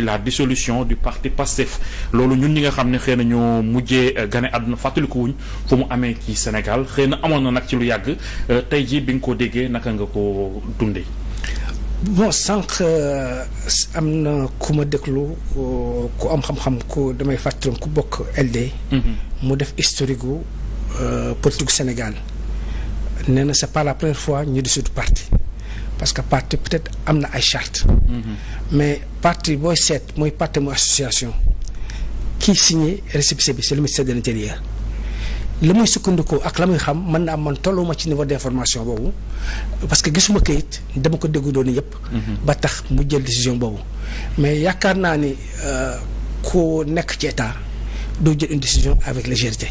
mooy la dissolution du parti Pastef loolu ñun ñi nga xam ne xëy na ñoo mujjee euh, gane àdduna fàttaliku wuñ fu mu amee ci Sénégal xëy na amoon na nag ci lu yàgg euh, tey jii bi nga ko déggee naka nga ko dundee. bon sànq euh, am na ku ma déglu ku am xam-xam ku damay fàttali ku bokk LD. Mhm. mu def historique gu politique Sénégal nee na c'est pas la première fois ñu dissout parti. parce que parti peut am na ay charte mm-hmm. mais parti booy seet mooy parti mooy association kii signé récépissé bi c'est le ministère de l'intérieur la muy sukkandikoo ak la muy xam mën am man tolluma ci niveau d'information boobu parce que gisuma kayit dama ko déggu doon yëpp mm-hmm. ba tax mu jël décision boobu mais yaakaar naa ni euh, ku nekk ci état doo jël une décision avec légèreté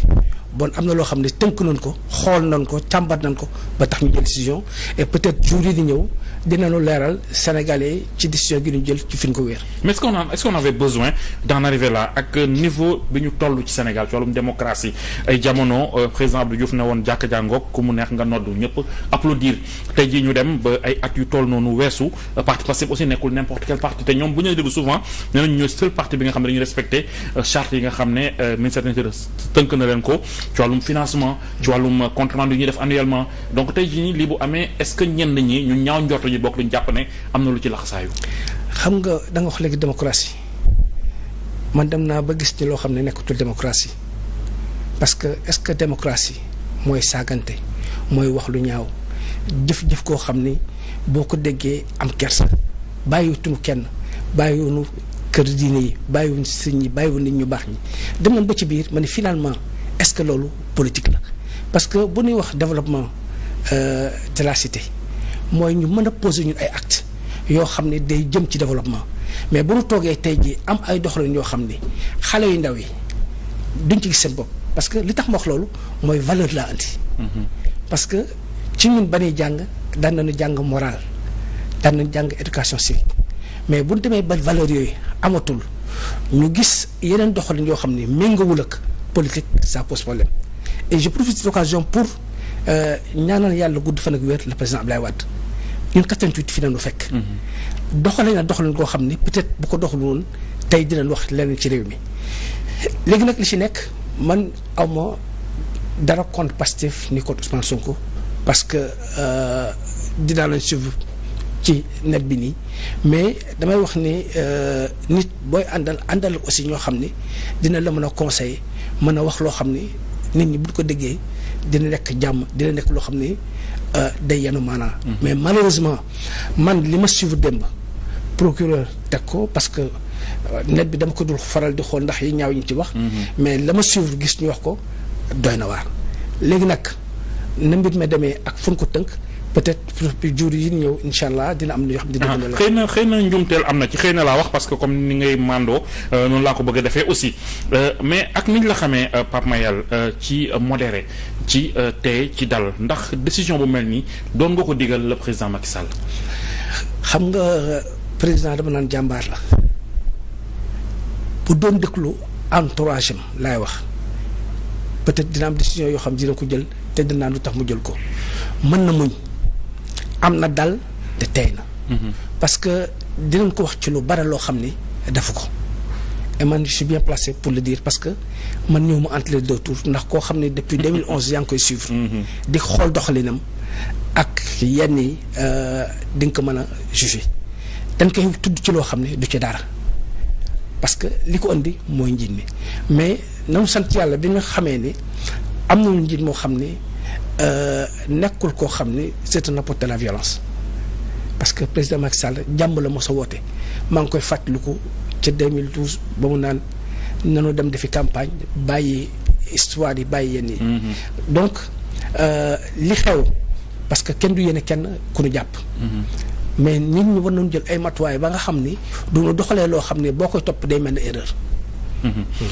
bon am na loo xam ne tënk nañ ko xool nañ ko càmbat nañ ko ba tax ñu jël décision et peut-être jour yi di ñëw dinañu leeral sénégalais ci décision gi ñu jël ci fi ko wéer. mais est-ce qu'on a est-ce ak niveau bi ñu toll ci Sénégal ci wàllum démocratie ay jamono euh, président Abdou Diouf woon jàkk jàngoog ku mu neex nga noddu ñëpp applaudir tey jii ñu dem ba ay at yu toll noonu weesu euh, parti Pastef aussi nekkul n'importe quel parti te ñoom bu ñu déglu souvent nee nañ ñooy seul parti bi nga xam ne dañuy respecté euh, charte yi nga xam ne ministère de l'Intérieur tënk na leen ko. ci financement ci wàllum compte rendu ñuy def annuellement donc tey jii lii bu amee est-ce que ñenn ñi ñu ñaaw njort ñu bokk duñ jàpp ne am na lu ci laxasaayu xam nga danga nga wax léegi démocratie man dem naa ba gis ci loo xam ne nekkatul démocratie parce que est-ce que démocratie mooy saagante mooy wax lu ñaaw jëf-jëf koo xam ni boo ko déggee am kersa bàyyiwutuñu kenn bàyyi bàyyiwuñu kër diine yi bàyyiwuñu sëñ ñi bàyyiwuñu nit ñu baax ñi dem nañ ba ci biir ma ne finalement est-ce que loolu politique la parce que bu ñuy wax développement euh, de mooy ñu mën a poser ñun ay actes yoo xam ne day jëm ci développement mais bu ñu toogee tey jii am ay doxalin yoo xam ni xale yu ndaw yi duñ ci gis seen bopp parce que li tax ma wax loolu mooy valeur laa andi. Mhm. parce que ci ñun ba ñuy jàng daan nañu jàng moral daan nañu jàng éducation civique mais bu ñu demee ba valeur yooyu amatul ñu gis yeneen doxalin yoo xam ne méngawul ak politique sa pose problème et je profite de cette occasion pour euh, ñaanal yàlla gudd fan ak wér le président Abdoulaye Wade ñun 88 fi nañu fekk. Mhm. doxalee na doxalin koo xam ni peut-être bu ko doxul woon tey dinañ wax leneen ci réew mi léegi nag li ci nekk man aw ma dara compte Pastef ni ko Ousmane Sonko parce que euh, dinaa leen suivre. ci net bi nii mais damay wax ni euh, nit booy àndal àndal aussi ñoo xam ni dina la mën a conseiller mën a wax loo xam ni nit ñi bu ko déggee dina nekk jàmm dina nekk loo xam ni euh, day yenu maanaa mm-hmm. mais malheureusement man li ma suivre démb procureur teg ko parce que euh, net bi dama ko dul faral di xool ndax yi ñaaw ñu ci wax mm-hmm. mais la ma suivre gis ñu wax ko doy na waar léegi nag na mbir ma demee ak fu ko tënk peut-être jur yi ñëw incha allah dina am lu yoo xam dina ah, a xëy na xëy na njumteel am na ci xëy na laa wax parce que comme ni ngay mandoo euh, noonu laa ko bëgg a defee aussi euh, mais ak niñ la xamee euh, Pape Mayel ci modéré ci tey ci dal ndax décision bu mel nii doon nga ko digal le président Macky Sall. xam nga président dama naan jàmbaar la bu doon déglu entourage am laay wax peut-être dina am décision yoo xam dina ko jël te dinaa lu tax mu jël ko mën na muñ. am na dal te tey na. Mhm. parce que dinañ ko wax ci lu bare loo xam ni defu ko. et man je bien placé pour le dire parce que man ñëw mu entre les deux ndax koo xam ne depuis 2011 yaa ngi koy suivre. Mhm. di xool doxalinam ak yenn yi euh, di nga ko mën a juger. dañ koy tudd ci loo xam ne du ci dara parce que li ko indi mooy njiit mi mais nañu sant yàlla bi nga xamee ni am nañu njiit moo xam ne euh, nekkul koo xam ne c'est un apôtre de parce que président Macky Sall jàmm la mos a woote maa ngi koy fàttaliku ca 2012 ba mu naan nanu dem defi campagne bàyyi histoire yi bàyyi yenn yi mm-hmm. donc euh, li xew parce que kenn du yéene kenn ku ñu jàpp mm-hmm. mais nit ñi war nañu jël ay matuwaay ba nga xam ni du ñu doxalee loo xam ne boo koy topp day mel ne erreur mm-hmm.